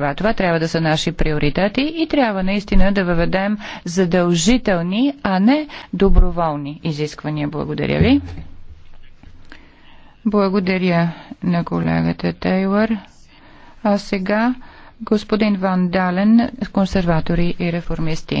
права. Това трябва да са наши приоритети и трябва наистина да въведем задължителни, а не доброволни изисквания. Благодаря ви. Благодаря на колегата Тейлър. А сега господин Ван Дален, консерватори и реформисти.